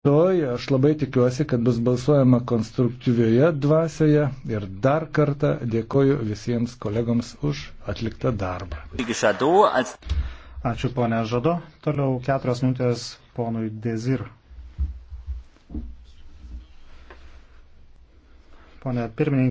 Toj aš labai tikiuosi, kad bus balsuojama konstruktyvioje dvasioje ir dar kartą dėkoju visiems kolegoms už atliktą darbą. Ačiū ponė Žado. Toliau keturios minutės ponui Dezir. Pone pirmininkai.